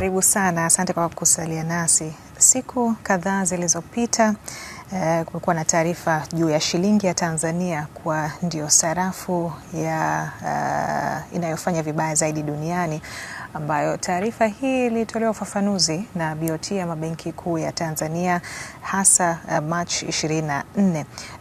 Karibu sana, asante kwa kusalia nasi. Siku kadhaa zilizopita eh, kumekuwa na taarifa juu ya shilingi ya Tanzania kuwa ndio sarafu ya uh, inayofanya vibaya zaidi duniani ambayo taarifa hii ilitolewa ufafanuzi na BOT ya mabenki kuu ya Tanzania hasa eh, Machi 24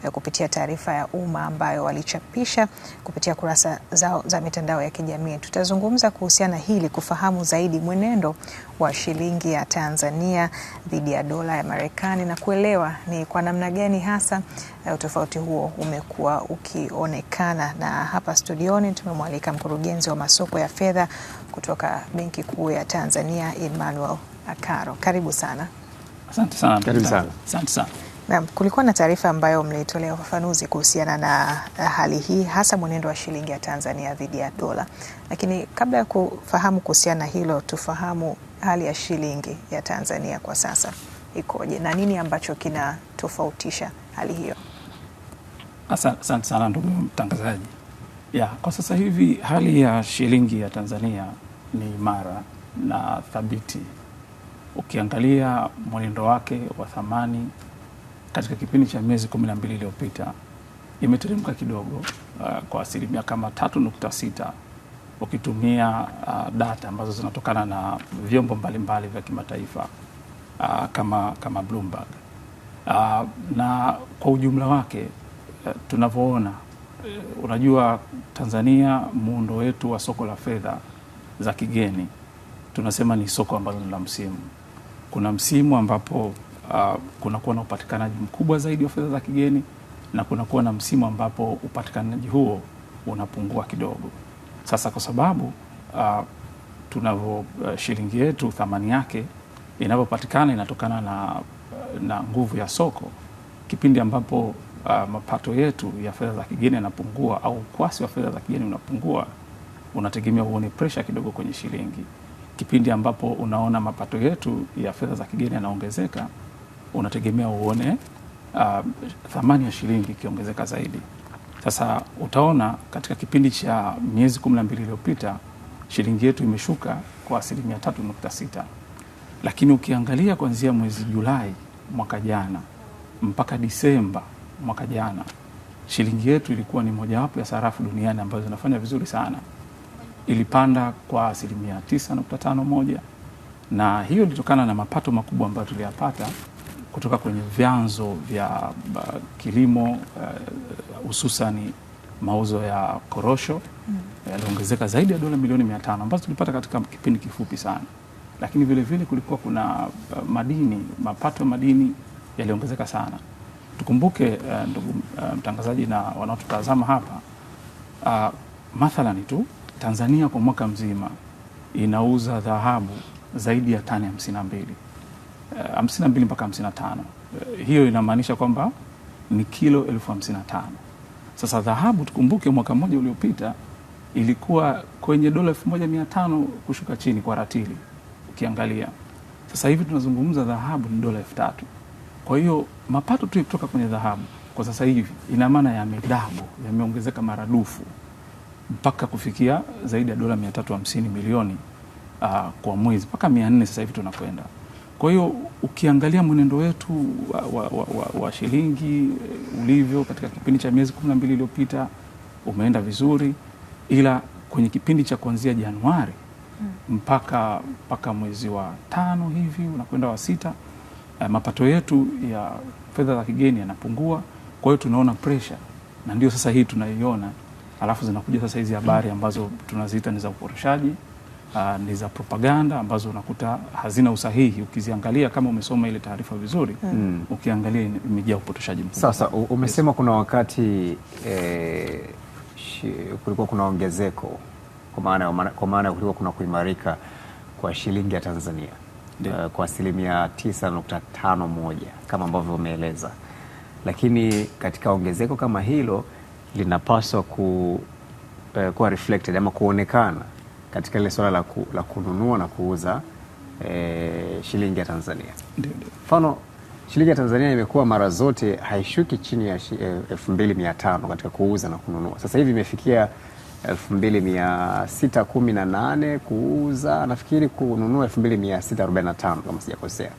eh, kupitia taarifa ya umma ambayo walichapisha kupitia kurasa zao za mitandao ya kijamii. Tutazungumza kuhusiana hili kufahamu zaidi mwenendo wa shilingi ya Tanzania dhidi ya dola ya Marekani na kuelewa ni kwa namna gani hasa eh, utofauti huo umekuwa ukionekana. Na hapa studioni tumemwalika mkurugenzi wa masoko ya fedha kutoka Benki Kuu ya Tanzania Emmanuel Akaro, karibu sana. Asante sana. Karibu sana. Asante sana. Naam, kulikuwa na taarifa ambayo mlitolea ufafanuzi kuhusiana na eh, hali hii hasa mwenendo wa shilingi ya Tanzania dhidi ya dola, lakini kabla ya kufahamu kuhusiana na hilo, tufahamu hali ya shilingi ya Tanzania kwa sasa ikoje na nini ambacho kinatofautisha hali hiyo? Asante sana ndugu mtangazaji. Ya, kwa sasa hivi hali ya shilingi ya Tanzania ni imara na thabiti. Ukiangalia mwenendo wake wa thamani katika kipindi cha miezi kumi na mbili iliyopita imeteremka kidogo uh, kwa asilimia kama tatu nukta sita ukitumia uh, data ambazo zinatokana na vyombo mbalimbali vya kimataifa uh, kama, kama Bloomberg uh, na kwa ujumla wake uh, tunavyoona uh, unajua Tanzania muundo wetu wa soko la fedha za kigeni, tunasema ni soko ambalo ni la msimu. Kuna msimu ambapo uh, kunakuwa na upatikanaji mkubwa zaidi wa fedha za kigeni na kunakuwa na msimu ambapo upatikanaji huo unapungua kidogo. Sasa kwa sababu uh, tunavyo uh, shilingi yetu thamani yake inavyopatikana inatokana na, uh, na nguvu ya soko. Kipindi ambapo uh, mapato yetu ya fedha za kigeni yanapungua au ukwasi wa fedha za kigeni unapungua, unategemea uone pressure kidogo kwenye shilingi. Kipindi ambapo unaona mapato yetu ya fedha za kigeni yanaongezeka, unategemea uone uh, thamani ya shilingi ikiongezeka zaidi. Sasa utaona katika kipindi cha miezi kumi na mbili iliyopita shilingi yetu imeshuka kwa asilimia tatu nukta sita lakini ukiangalia kuanzia mwezi Julai mwaka jana mpaka Disemba mwaka jana shilingi yetu ilikuwa ni mojawapo ya sarafu duniani ambazo zinafanya vizuri sana ilipanda kwa asilimia 9.51 na hiyo ilitokana na mapato makubwa ambayo tuliyapata kutoka kwenye vyanzo vya kilimo eh, hususani uh, mauzo ya korosho mm. yaliongezeka zaidi ya dola milioni mia tano ambazo tulipata katika kipindi kifupi sana, lakini vilevile vile kulikuwa kuna madini, mapato ya madini yaliongezeka sana. Tukumbuke uh, ndugu uh, mtangazaji na wanaotutazama hapa uh, mathalani tu Tanzania kwa mwaka mzima inauza dhahabu zaidi ya tani hamsini na mbili eh, hamsini na mbili mpaka hamsini na tano eh, Hiyo inamaanisha kwamba ni kilo elfu hamsini na tano Sasa dhahabu tukumbuke, mwaka mmoja uliopita ilikuwa kwenye dola elfu moja mia tano kushuka chini kwa ratili ukiangalia. Sasa hivi tunazungumza dhahabu ni dola elfu tatu Kwa hiyo mapato tu kutoka kwenye dhahabu kwa sasa hivi ina maana yamedabo, yameongezeka maradufu mpaka kufikia zaidi ya dola 350 milioni uh, kwa mwezi mpaka 400 sasa hivi tunakwenda. Kwa hiyo ukiangalia mwenendo wetu wa, wa, wa, wa shilingi eh, ulivyo katika kipindi cha miezi 12 iliyopita umeenda vizuri, ila kwenye kipindi cha kuanzia Januari hmm. mpaka mpaka mwezi wa tano hivi unakwenda wa sita, uh, mapato yetu ya fedha za kigeni yanapungua. Kwa hiyo tunaona pressure na ndio sasa hii tunaiona alafu zinakuja sasa hizi habari ambazo tunaziita ni za uporeshaji uh, ah, ni za propaganda ambazo unakuta hazina usahihi. Ukiziangalia kama umesoma ile taarifa vizuri mm. ukiangalia imejaa upotoshaji mkubwa. Sasa umesema yes. kuna wakati eh, kulikuwa kuna ongezeko kwa maana ya kulikuwa kuna kuimarika kwa shilingi ya Tanzania uh, kwa asilimia tisa moja kama ambavyo umeeleza, lakini katika ongezeko kama hilo linapaswa ku, eh, kuwa reflected ama kuonekana katika ile swala la, ku, la kununua na kuuza eh, shilingi ya Tanzania. Mfano shilingi ya Tanzania imekuwa mara zote haishuki chini ya eh, elfu mbili mia tano katika kuuza na kununua. Sasa hivi imefikia elfu mbili mia sita kumi na nane kuuza, nafikiri kununua elfu mbili mia sita arobaini na tano kama sijakosea.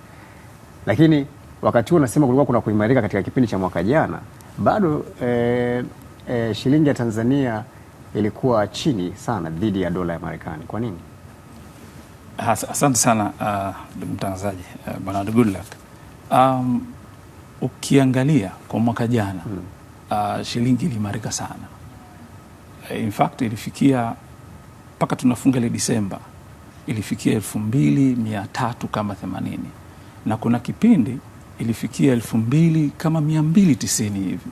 Lakini wakati huo nasema kulikuwa kuna kuimarika katika kipindi cha mwaka jana bado eh, e, shilingi ya Tanzania ilikuwa chini sana dhidi ya dola ya Marekani. Kwa nini? Asante sana uh, mtangazaji uh, bwana Goodluck. Um, ukiangalia kwa mwaka jana hmm. uh, shilingi iliimarika sana in fact ilifikia mpaka tunafunga ile Disemba ilifikia elfu mbili mia tatu kama themanini na kuna kipindi ilifikia elfu mbili kama mia mbili tisini hivi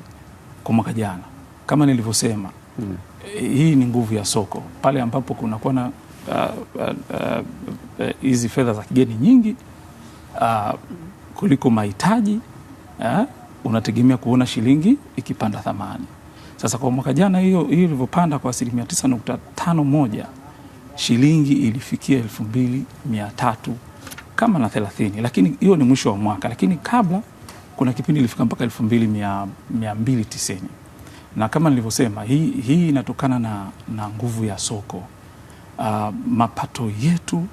kwa mwaka jana kama nilivyosema mm. Hii ni nguvu ya soko pale ambapo kunakuwa na hizi uh, uh, uh, uh fedha za kigeni nyingi uh, kuliko mahitaji uh, unategemea kuona shilingi ikipanda thamani. Sasa kwa mwaka jana hiyo hiyo ilivyopanda kwa asilimia moja shilingi ilifikia 2300 kama na 30, lakini hiyo ni mwisho wa mwaka, lakini kabla kuna kipindi ilifika mpaka 2290 na kama nilivyosema, hii, hii inatokana na, na nguvu ya soko uh, mapato yetu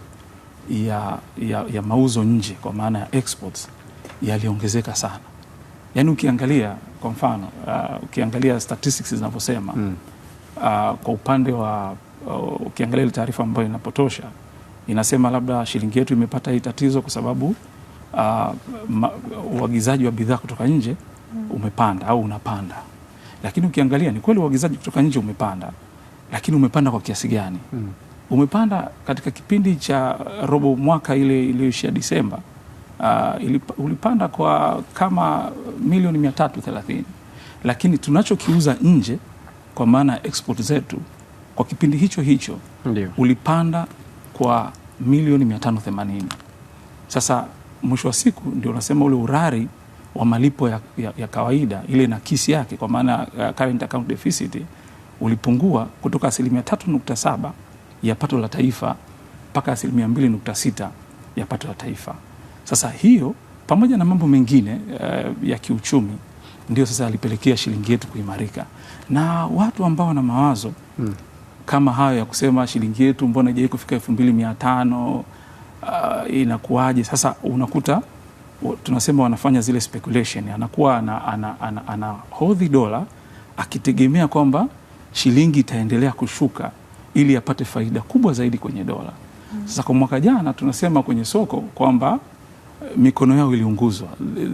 ya, ya, ya mauzo nje kwa maana ya exports yaliongezeka sana. Yaani ukiangalia kwa mfano uh, ukiangalia statistics zinavyosema mm. uh, kwa upande wa uh, ukiangalia ile taarifa ambayo inapotosha inasema labda shilingi yetu imepata hii tatizo kwa sababu uagizaji wa bidhaa kutoka nje hmm. umepanda au unapanda. Lakini ukiangalia ni kweli uagizaji kutoka nje umepanda, lakini umepanda kwa kiasi gani? mm. Umepanda katika kipindi cha robo mwaka ile iliyoishia Disemba, uh, ulipanda kwa kama milioni mia tatu thelathini, lakini tunachokiuza nje kwa maana ya export zetu kwa kipindi hicho hicho Ndiyo. ulipanda kwa milioni mia tano themanini. Sasa mwisho wa siku ndio unasema ule urari wa malipo ya, ya, ya kawaida ile nakisi yake kwa maana uh, current account deficit ulipungua kutoka asilimia 3.7 ya pato la taifa mpaka asilimia 2.6 ya pato la taifa. Sasa hiyo pamoja na mambo mengine uh, ya kiuchumi ndio sasa alipelekea shilingi yetu kuimarika, na watu ambao wana mawazo hmm, kama hayo ya kusema shilingi yetu mbona haijawahi kufika 2500 uh, inakuwaje sasa unakuta tunasema wanafanya zile speculation, anakuwa ana, ana, ana, ana hodhi dola akitegemea kwamba shilingi itaendelea kushuka ili apate faida kubwa zaidi kwenye dola. Hmm. Sasa kwa mwaka jana tunasema kwenye soko kwamba eh, mikono yao iliunguzwa,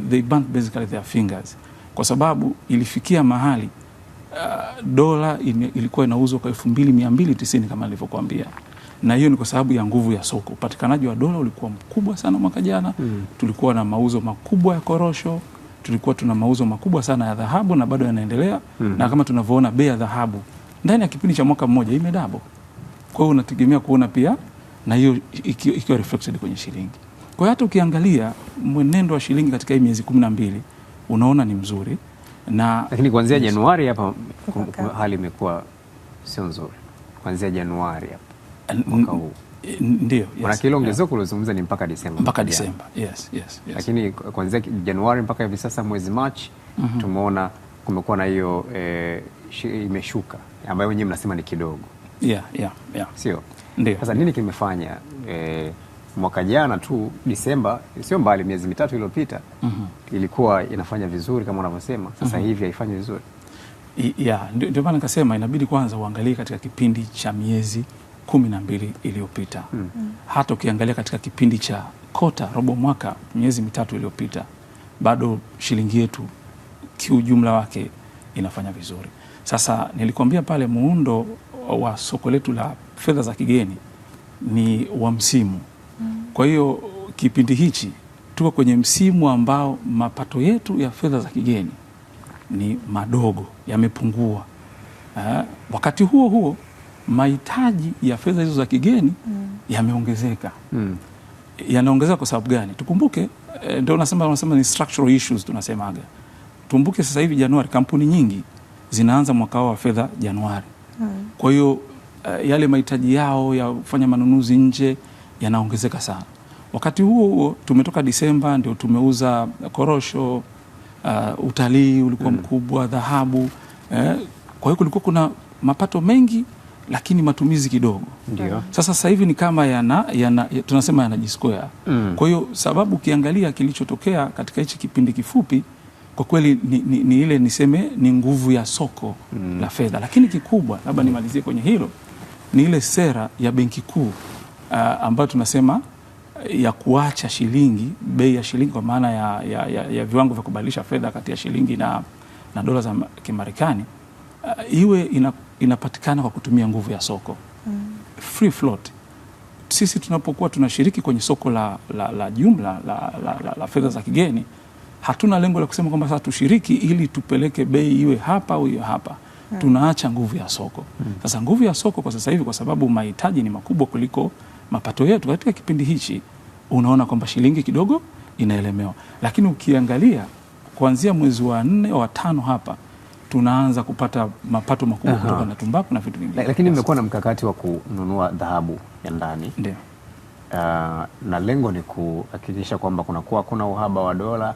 they burnt basically their fingers, kwa sababu ilifikia mahali uh, dola ilikuwa inauzwa kwa elfu mbili mia mbili tisini kama nilivyokuambia na hiyo ni kwa sababu ya nguvu ya soko. Upatikanaji wa dola ulikuwa mkubwa sana mwaka jana mm. tulikuwa na mauzo makubwa ya korosho, tulikuwa tuna mauzo makubwa sana ya dhahabu na bado yanaendelea mm. na kama tunavyoona bei ya dhahabu ndani ya kipindi cha mwaka mmoja imedabo. Kwa hiyo unategemea kuona pia na hiyo ikiwa reflected kwenye shilingi. Kwa hiyo hata ukiangalia mwenendo wa shilingi katika hii miezi kumi na mbili unaona ni mzuri na, lakini kuanzia Januari hapa hali imekuwa sio nzuri, kuanzia Januari hapa mwaka huu ndio kile ongezeko ulizungumza ni mpaka Disemba, mpaka Disemba yeah. yes, yes, yes. Lakini kuanzia Januari mpaka hivi sasa mwezi Machi mm -hmm. tumeona kumekuwa na hiyo e, imeshuka ambayo wenyewe mnasema ni kidogo yeah, yeah, yeah. Sio ndio? Sasa nini kimefanya e, mwaka jana tu Disemba sio mbali, miezi mitatu iliyopita mm -hmm. ilikuwa inafanya vizuri kama unavyosema, sasa mm -hmm. hivi haifanyi vizuri. Ndio maana nikasema inabidi kwanza uangalie katika kipindi cha miezi kumi na mbili iliyopita mm. Hata ukiangalia katika kipindi cha kota robo mwaka miezi mitatu iliyopita bado shilingi yetu kiujumla wake inafanya vizuri. Sasa nilikuambia pale muundo wa soko letu la fedha za kigeni ni wa msimu mm. Kwa hiyo kipindi hichi tuko kwenye msimu ambao mapato yetu ya fedha za kigeni ni madogo, yamepungua. Eh, wakati huo huo mahitaji ya fedha hizo za kigeni mm. yameongezeka mm. yanaongezeka kwa sababu gani? Tukumbuke eh, ndio unasema unasema ni structural issues tunasemaga. Tukumbuke sasa hivi Januari, kampuni nyingi zinaanza mwaka wa fedha Januari mm. kwa hiyo eh, yale mahitaji yao ya kufanya manunuzi nje yanaongezeka sana. Wakati huo huo tumetoka Disemba, ndio tumeuza korosho uh, utalii ulikuwa mm. mkubwa, dhahabu eh, kwa hiyo kulikuwa kuna mapato mengi lakini matumizi kidogo. Ndiyo. Sasa sasa hivi ni kama yana, yana, tunasema yanajisquare. Mm. Kwa hiyo sababu ukiangalia kilichotokea katika hichi kipindi kifupi kwa kweli ni, ni, ni ile niseme ni nguvu ya soko mm. la fedha, lakini kikubwa labda mm. nimalizie kwenye hilo ni ile sera ya Benki Kuu uh, ambayo tunasema uh, ya kuacha shilingi, bei ya shilingi kwa maana ya, ya, ya, ya viwango vya kubadilisha fedha kati ya shilingi na, na dola za Kimarekani uh, iwe ina inapatikana kwa kutumia nguvu ya soko mm. Free float, sisi tunapokuwa tunashiriki kwenye soko la, la, la jumla la, la, la, la fedha za kigeni, hatuna lengo la kusema kwamba sasa tushiriki ili tupeleke bei iwe hapa au iwe hapa mm. Tunaacha nguvu ya soko mm. Sasa nguvu ya soko kwa sasa hivi, kwa sababu mahitaji ni makubwa kuliko mapato yetu katika kipindi hichi, unaona kwamba shilingi kidogo inaelemewa, lakini ukiangalia kuanzia mwezi wa nne wa tano hapa tunaanza kupata mapato makubwa kutoka na tumbaku na vitu vingine. Lakini mmekuwa na mkakati wa kununua dhahabu ya ndani ndio. Uh, na lengo ni kuhakikisha kwamba kunakuwa kuna uhaba wa dola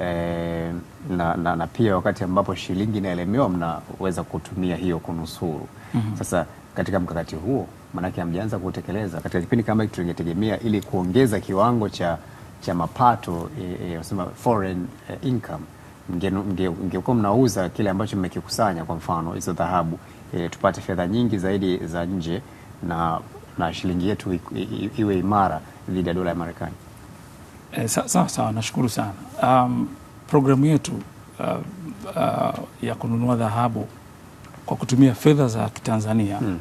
eh, na, na, na pia wakati ambapo shilingi inaelemewa mnaweza kutumia hiyo kunusuru. mm -hmm. Sasa katika mkakati huo maanake hamjaanza kutekeleza katika kipindi kama hiki, tungetegemea ili kuongeza kiwango cha, cha mapato e, eh, eh foreign eh, income ngekuwa mnauza kile ambacho mmekikusanya, kwa mfano hizo dhahabu, ili e, tupate fedha nyingi zaidi za nje na, na shilingi yetu iwe imara dhidi ya dola ya Marekani. E, sawa sawa, nashukuru sana. Um, programu yetu uh, uh, ya kununua dhahabu kwa kutumia fedha za Kitanzania hmm.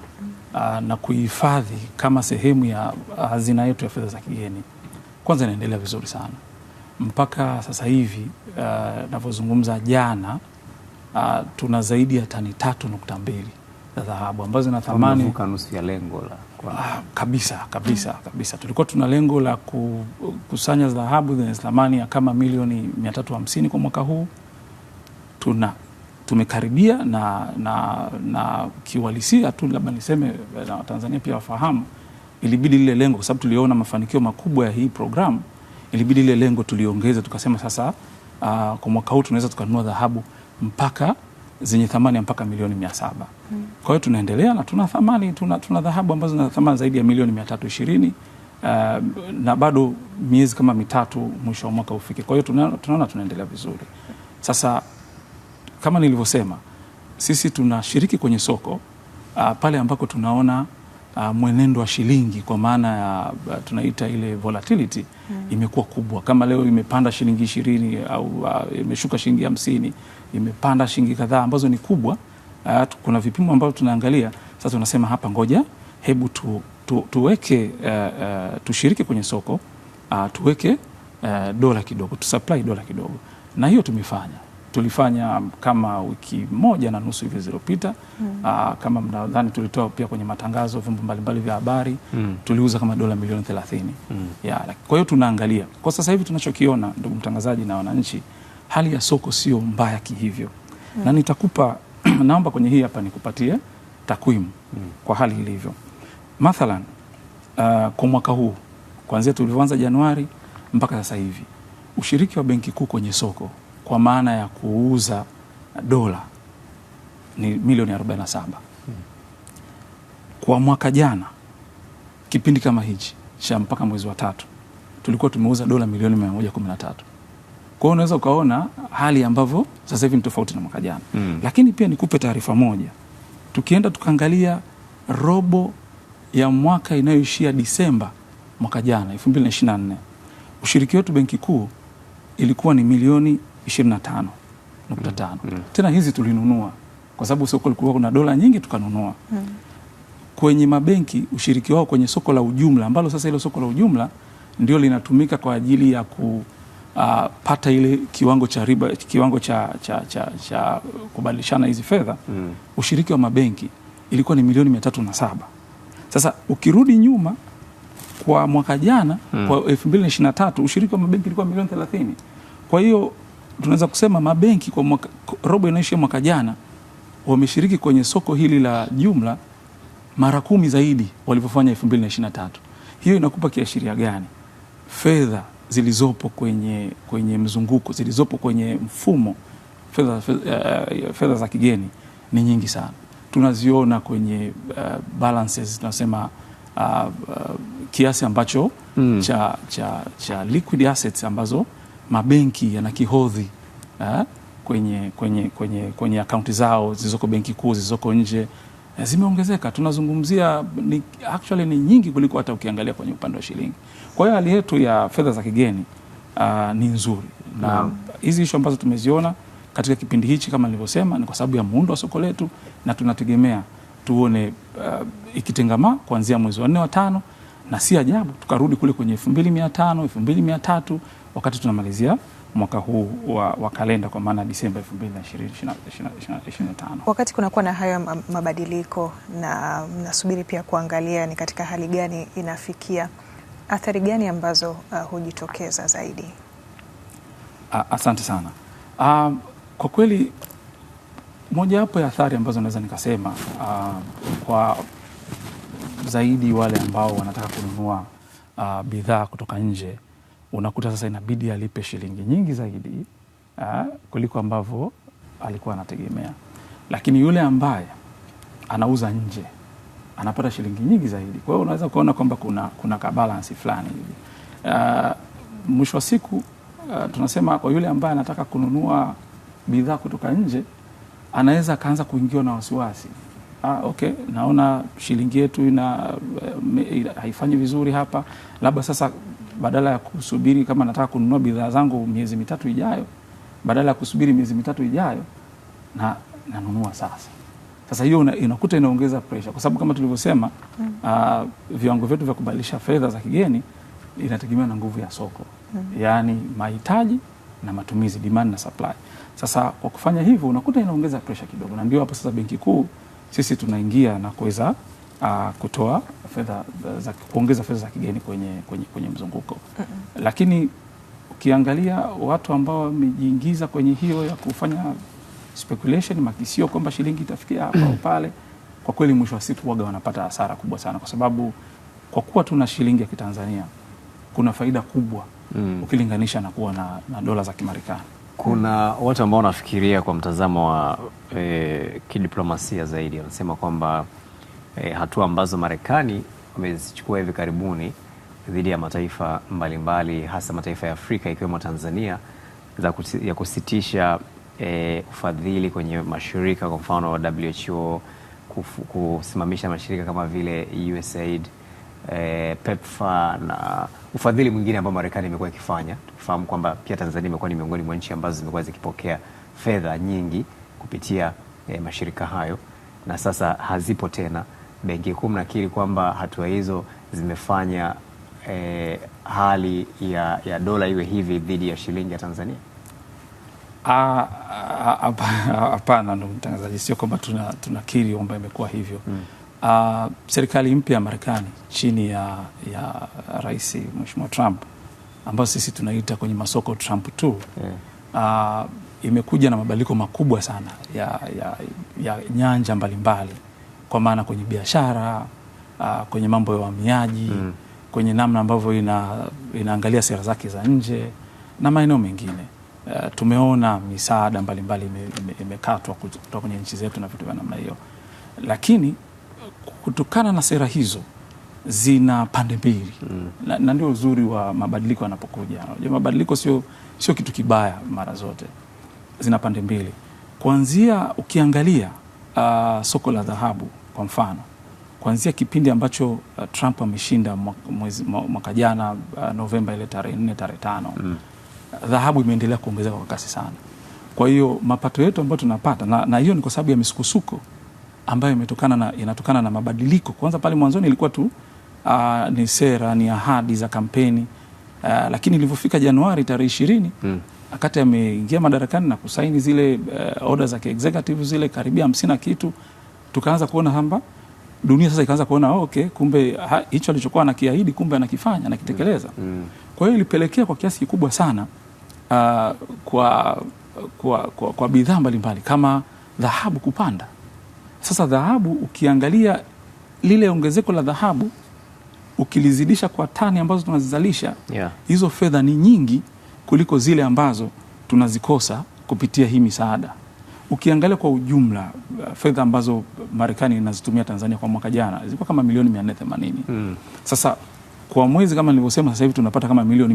uh, na kuihifadhi kama sehemu ya hazina yetu ya fedha za kigeni kwanza inaendelea vizuri sana mpaka sasa hivi uh, navyozungumza, jana uh, tuna zaidi ya tani tatu nukta mbili za dhahabu ambazo na thamani kwa nusu ya lengo la kwa... uh, kabisa kabisa kabisa. Tulikuwa tuna lengo la kukusanya dhahabu zenye thamani ya kama milioni 350 kwa mwaka huu tuna tumekaribia na, na, na kiwalisia tu labda niseme eh, na Watanzania pia wafahamu, ilibidi lile lengo kwa sababu tuliona mafanikio makubwa ya hii programu ilibidi ile lengo tuliongeza, tukasema sasa uh, kwa mwaka huu tunaweza tukanunua dhahabu mpaka zenye thamani ya mpaka milioni mia saba. Mm. Kwa hiyo tunaendelea na tuna thamani tuna, tuna dhahabu ambazo zina thamani zaidi ya milioni mia tatu ishirini uh, na bado miezi kama mitatu mwisho wa mwaka ufike. Kwa hiyo tunaona tuna, tunaendelea vizuri. Sasa kama nilivyosema, sisi tunashiriki kwenye soko uh, pale ambako tunaona uh, mwenendo wa shilingi kwa maana ya uh, tunaita ile volatility mm. imekuwa kubwa. Kama leo imepanda shilingi ishirini au uh, imeshuka shilingi hamsini, imepanda shilingi kadhaa ambazo ni kubwa uh, kuna vipimo ambavyo tunaangalia sasa, unasema hapa, ngoja hebu tu, tu, tuweke uh, uh, tushiriki kwenye soko uh, tuweke uh, dola kidogo, tusupply dola kidogo, na hiyo tumefanya tulifanya kama wiki moja na nusu hivi zilizopita. mm. Uh, Kama mnadhani tulitoa pia kwenye matangazo vyombo mbalimbali vya habari mm. tuliuza kama dola milioni 30. mm. yeah, like, kwa hiyo tunaangalia kwa sasa hivi tunachokiona, ndugu mtangazaji na wananchi, hali ya soko sio mbaya kihivyo. mm. na nitakupa naomba kwenye hii hapa nikupatie takwimu mm. kwa hali ilivyo mathalan, uh, kwa mwaka huu kuanzia tulivyoanza Januari mpaka sasa hivi ushiriki wa benki kuu kwenye soko kwa maana ya kuuza dola ni milioni 47 kwa mwaka jana kipindi kama hichi cha mpaka mwezi wa tatu tulikuwa tumeuza dola milioni 113. Kwa hiyo unaweza ukaona hali ambavyo sasa hivi ni tofauti na mwaka jana mm. Lakini pia nikupe taarifa moja, tukienda tukaangalia robo ya mwaka inayoishia Disemba mwaka jana 2024 ushiriki wetu Benki Kuu ilikuwa ni milioni 25.5 mm. mm Tena hizi tulinunua kwa sababu soko likuwa kuna dola nyingi tukanunua. mm Kwenye mabenki ushiriki wao kwenye soko la ujumla ambalo sasa hilo soko la ujumla ndio linatumika kwa ajili ya kupata uh, ile kiwango cha riba, kiwango cha, cha, cha, cha kubadilishana hizi fedha mm Ushiriki wa mabenki ilikuwa ni milioni mia tatu na saba. Sasa ukirudi nyuma kwa mwaka jana mm -hmm. kwa 2023 ushiriki wa mabenki ilikuwa milioni 30. Kwa hiyo tunaweza kusema mabenki kwa mwaka, robo inaishia mwaka jana wameshiriki kwenye soko hili la jumla mara kumi zaidi walivyofanya 2023. Hiyo inakupa kiashiria gani? Fedha zilizopo kwenye, kwenye mzunguko zilizopo kwenye mfumo fedha, fedha, uh, fedha za kigeni ni nyingi sana, tunaziona kwenye uh, balances tunasema uh, uh, kiasi ambacho mm. cha, cha, cha liquid assets ambazo mabenki yana kihodhi eh, kwenye, kwenye, kwenye, kwenye akaunti zao zilizoko benki kuu zilizoko nje eh, zimeongezeka. Tunazungumzia ni, actually ni nyingi kuliko hata ukiangalia kwenye upande wa shilingi. Kwa hiyo hali yetu ya fedha za kigeni uh, ni nzuri na hizi ishu ambazo tumeziona katika kipindi hichi kama nilivyosema, ni kwa sababu ya muundo wa soko letu na tunategemea tuone uh, ikitengamaa kuanzia mwezi wa nne wa tano na si ajabu tukarudi kule kwenye elfu mbili wakati tunamalizia mwaka huu wa, wa kalenda kwa maana Disemba 2025. Wakati kunakuwa na hayo mabadiliko na mnasubiri pia kuangalia ni katika hali gani inafikia, athari gani ambazo uh, hujitokeza zaidi? Asante sana. Uh, kwa kweli mojawapo ya athari ambazo naweza nikasema uh, kwa zaidi wale ambao wanataka kununua uh, bidhaa kutoka nje, unakuta sasa inabidi alipe shilingi nyingi zaidi uh, kuliko ambavyo alikuwa anategemea, lakini yule ambaye anauza nje anapata shilingi nyingi zaidi. Kwa hiyo unaweza kuona kwamba kuna, kuna kabalansi fulani hivi uh, mwisho wa siku uh, tunasema kwa yule ambaye anataka kununua bidhaa kutoka nje anaweza akaanza kuingiwa na wasiwasi ah, okay, naona shilingi yetu eh, ina haifanyi vizuri hapa, labda sasa badala ya kusubiri kama nataka kununua bidhaa zangu miezi mitatu ijayo, badala ya kusubiri miezi mitatu ijayo na nanunua sasa. Sasa hiyo inakuta inaongeza pressure kwa sababu kama tulivyosema mm. uh, viwango vyetu vya kubadilisha fedha za kigeni inategemea na nguvu ya soko mm. yaani mahitaji na matumizi, demand na supply. Sasa kwa kufanya hivyo unakuta inaongeza pressure kidogo, na ndio hapo sasa Benki Kuu sisi tunaingia na kuweza uh, kutoa fedha za kuongeza fedha za kigeni kwenye, kwenye, kwenye mzunguko uh -uh. Lakini ukiangalia watu ambao wamejiingiza kwenye hiyo ya kufanya speculation, makisio kwamba shilingi itafikia hapa pale, kwa kweli mwisho wa siku waga wanapata hasara kubwa sana, kwa sababu kwa kuwa tuna shilingi ya Kitanzania kuna faida kubwa mm. ukilinganisha na kuwa na, na dola za Kimarekani. Kuna watu ambao wanafikiria kwa mtazamo wa eh, kidiplomasia zaidi, wanasema kwamba eh, hatua ambazo Marekani wamezichukua hivi karibuni dhidi ya mataifa mbalimbali mbali, hasa mataifa ya Afrika ikiwemo Tanzania za ya kusitisha e, ufadhili kwenye mashirika kwa mfano wa WHO kufu, kusimamisha mashirika kama vile USAID eh, PEPFAR na ufadhili mwingine ambao Marekani imekuwa ikifanya, tukifahamu kwamba pia Tanzania imekuwa ni miongoni mwa nchi ambazo zimekuwa zikipokea fedha nyingi kupitia e, mashirika hayo na sasa hazipo tena. Benki Kuu mnakiri kwamba hatua hizo zimefanya e, hali ya, ya dola iwe hivi dhidi ya shilingi ya Tanzania? Ah, ah, ah, hapana, ndugu mtangazaji, sio kwamba tunakiri tuna kwamba imekuwa hivyo mm. Uh, serikali mpya ya Marekani chini ya, ya Rais Mheshimiwa Trump ambayo sisi tunaita kwenye masoko Trump 2 yeah. Uh, imekuja na mabadiliko makubwa sana ya, ya, ya nyanja mbalimbali kwa maana kwenye biashara uh, kwenye mambo ya uhamiaji mm. kwenye namna ambavyo ina, inaangalia sera zake za nje na maeneo mengine uh, tumeona misaada mbalimbali imekatwa ime, ime kutoka kwenye nchi zetu na vitu vya namna hiyo, lakini kutokana na sera hizo zina pande mbili mm. na, na ndio uzuri wa mabadiliko yanapokuja. Unajua, mabadiliko sio sio kitu kibaya mara zote, zina pande mbili. Kuanzia ukiangalia uh, soko la dhahabu kwa mfano, kuanzia kipindi ambacho uh, Trump ameshinda mwaka jana uh, Novemba ile tarehe nne tarehe tano mm. dhahabu imeendelea kuongezeka kwa kasi sana. Kwa hiyo mapato yetu ambayo tunapata na hiyo ni kwa sababu ya misukosuko ambayo imetokana na, inatokana na mabadiliko. Kwanza pale mwanzoni ilikuwa tu uh, ni sera ni ahadi za kampeni uh, lakini ilivyofika Januari tarehe ishirini mm. akati ameingia madarakani na kusaini zile uh, eh, oda za kiexecutive zile karibia hamsini na kitu, tukaanza kuona hamba dunia sasa ikaanza kuona oh, okay, kumbe hicho alichokuwa anakiahidi kumbe anakifanya anakitekeleza. mm. mm. Kwa hiyo ilipelekea kwa kiasi kikubwa sana uh, kwa, kwa, kwa, kwa bidhaa mbalimbali kama dhahabu kupanda sasa dhahabu ukiangalia lile ongezeko la dhahabu ukilizidisha kwa tani ambazo tunazizalisha yeah. Hizo fedha ni nyingi kuliko zile ambazo tunazikosa kupitia hii misaada. Ukiangalia kwa ujumla uh, fedha ambazo Marekani inazitumia Tanzania kwa mwaka jana zilikuwa kama milioni 480. Mm. Sasa kwa mwezi kama nilivyosema, sasa hivi tunapata kama milioni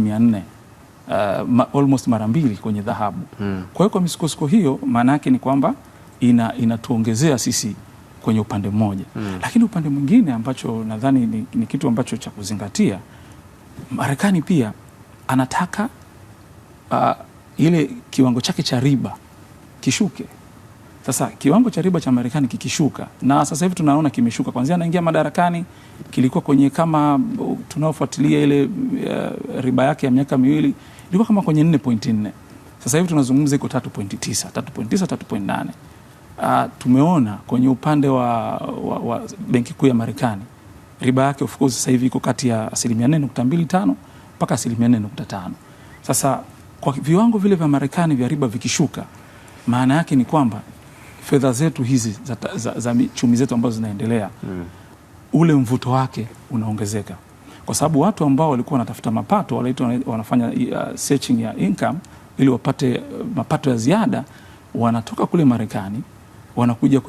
400 uh, almost mara mbili kwenye dhahabu. Mm. Kwa hiyo kwa misukosuko hiyo maana yake ni kwamba ina inatuongezea sisi kwenye upande mmoja mm. Lakini upande mwingine ambacho nadhani ni, ni kitu ambacho cha kuzingatia, Marekani pia anataka uh, ile kiwango chake cha riba kishuke. Sasa kiwango cha riba cha Marekani kikishuka, na sasa hivi tunaona kimeshuka, kwanzia anaingia madarakani kilikuwa kwenye kama tunaofuatilia ile uh, riba yake ya miaka miwili ilikuwa kama kwenye 4.4 sasa hivi tunazungumza iko 3.9, 3.9, 3.8 uh, tumeona kwenye upande wa, wa, wa benki kuu ya Marekani riba yake of course sasa hivi iko kati ya asilimia nne nukta mbili tano mpaka asilimia nne nukta tano Sasa kwa viwango vile vya Marekani vya riba vikishuka, maana yake ni kwamba fedha zetu hizi za, za, za chumi zetu ambazo zinaendelea mm. ule mvuto wake unaongezeka kwa sababu watu ambao walikuwa wanatafuta mapato walaitwa wanafanya uh, searching ya income ili wapate uh, mapato ya ziada wanatoka kule Marekani wanakuja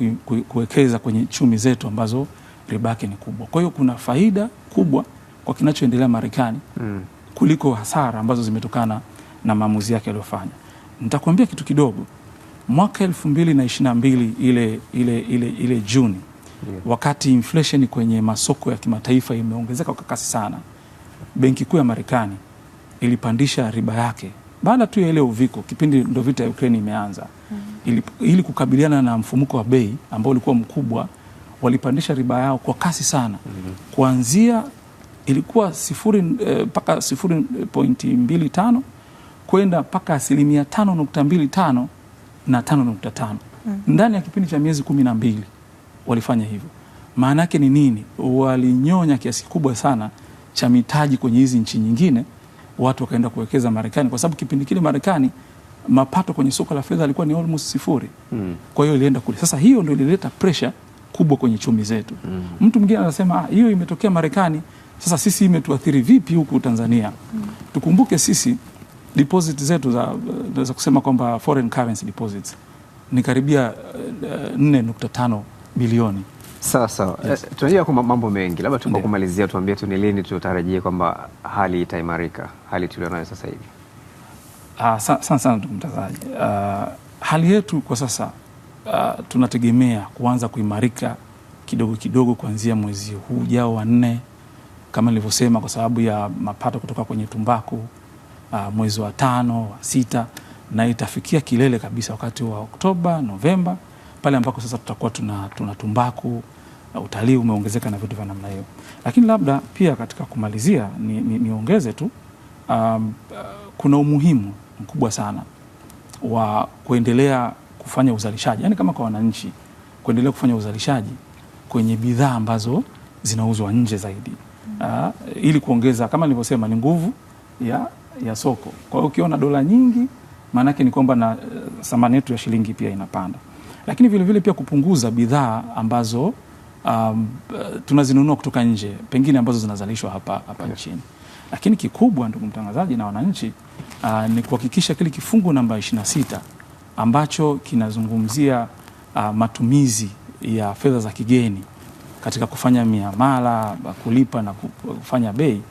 kuwekeza kwenye chumi zetu ambazo riba yake ni kubwa. Kwa hiyo kuna faida kubwa kwa kinachoendelea Marekani mm. kuliko hasara ambazo zimetokana na maamuzi yake aliyofanya. Nitakwambia kitu kidogo. Mwaka elfu mbili na ishirini na mbili ile, ile, ile, ile Juni yeah. wakati inflation kwenye masoko ya kimataifa imeongezeka kwa kasi sana, benki kuu ya Marekani ilipandisha riba yake baada tu ya ile uviko kipindi ndo vita ya Ukraine imeanza ili, ili kukabiliana na mfumuko wa bei ambao ulikuwa mkubwa, walipandisha riba yao kwa kasi sana mm -hmm. kuanzia ilikuwa sifuri mpaka eh, sifuri pointi mbili tano kwenda mpaka asilimia tano nukta mbili tano na tano nukta tano mm -hmm. ndani ya kipindi cha miezi kumi na mbili walifanya hivyo. Maana yake ni nini? Walinyonya kiasi kikubwa sana cha mitaji kwenye hizi nchi nyingine watu wakaenda kuwekeza Marekani, kwa sababu kipindi kile Marekani mapato kwenye soko la fedha alikuwa ni almost sifuri. Mm. Kwa hiyo ilienda kule. Sasa hiyo ndio ilileta pressure kubwa kwenye chumi zetu. Mm. Mtu mwingine anasema ah, hiyo imetokea Marekani, sasa sisi imetuathiri vipi huku Tanzania? Mm. Tukumbuke sisi deposit zetu za naweza eh, kusema kwamba foreign currency deposits ni karibia uh, 4.5 bilioni. Sawa sawa, yes. Uh, tunajua kwamba mambo mengi, labda tu kumalizia, tuambie tu ni lini tutarajie kwamba hali itaimarika, hali tulionayo sasa hivi. uh, sana ndugu mtazaji. Uh, ah, hali yetu kwa sasa uh, tunategemea kuanza kuimarika kidogo kidogo kuanzia mwezi huu ujao wa nne, kama nilivyosema, kwa sababu ya mapato kutoka kwenye tumbaku uh, mwezi wa tano wa sita, na itafikia kilele kabisa wakati wa Oktoba Novemba pale ambako sasa tutakuwa tuna, tuna tumbaku utalii umeongezeka na vitu vya namna hiyo. Lakini labda pia katika kumalizia niongeze ni, ni tu um, kuna umuhimu mkubwa sana wa kuendelea kufanya uzalishaji, yaani kama kwa wananchi kuendelea kufanya uzalishaji kwenye bidhaa ambazo zinauzwa nje zaidi mm. uh, ili kuongeza kama nilivyosema ni nguvu ya, ya soko. Kwa hiyo ukiona dola nyingi, maanake ni kwamba na eh, thamani uh, yetu ya shilingi pia inapanda lakini vilevile pia kupunguza bidhaa ambazo um, tunazinunua kutoka nje pengine ambazo zinazalishwa hapa, hapa yeah. nchini. Lakini kikubwa ndugu mtangazaji na wananchi uh, ni kuhakikisha kile kifungu namba 26 ambacho kinazungumzia uh, matumizi ya fedha za kigeni katika kufanya miamala, kulipa na kufanya bei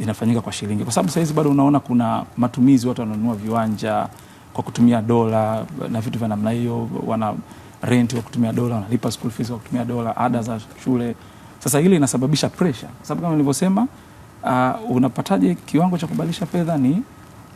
inafanyika kwa shilingi, kwa sababu saa hizi bado unaona kuna matumizi, watu wananunua viwanja kwa kutumia dola na vitu vya namna hiyo, wana rent kwa kutumia dola, wanalipa school fees kwa kutumia dola, ada za shule. Sasa hili inasababisha pressure, kwa sababu kama nilivyosema, uh, unapataje kiwango cha kubadilisha fedha ni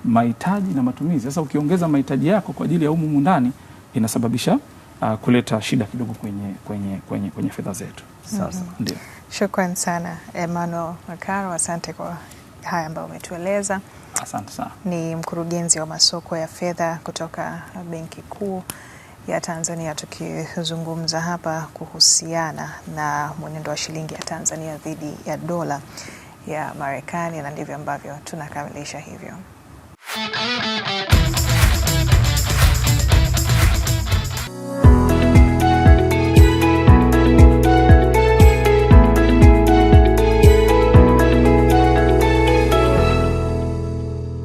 mahitaji na matumizi. Sasa ukiongeza mahitaji yako kwa ajili ya humu ndani inasababisha uh, kuleta shida kidogo kwenye, kwenye, kwenye, kwenye fedha zetu. Mhm. Sasa ndio. Shukrani sana Emmanuel Makaro, asante kwa haya ambayo umetueleza. Asante sana. Ni mkurugenzi wa masoko ya fedha kutoka Benki Kuu ya Tanzania, tukizungumza hapa kuhusiana na mwenendo wa shilingi ya Tanzania dhidi ya dola ya Marekani, na ndivyo ambavyo tunakamilisha hivyo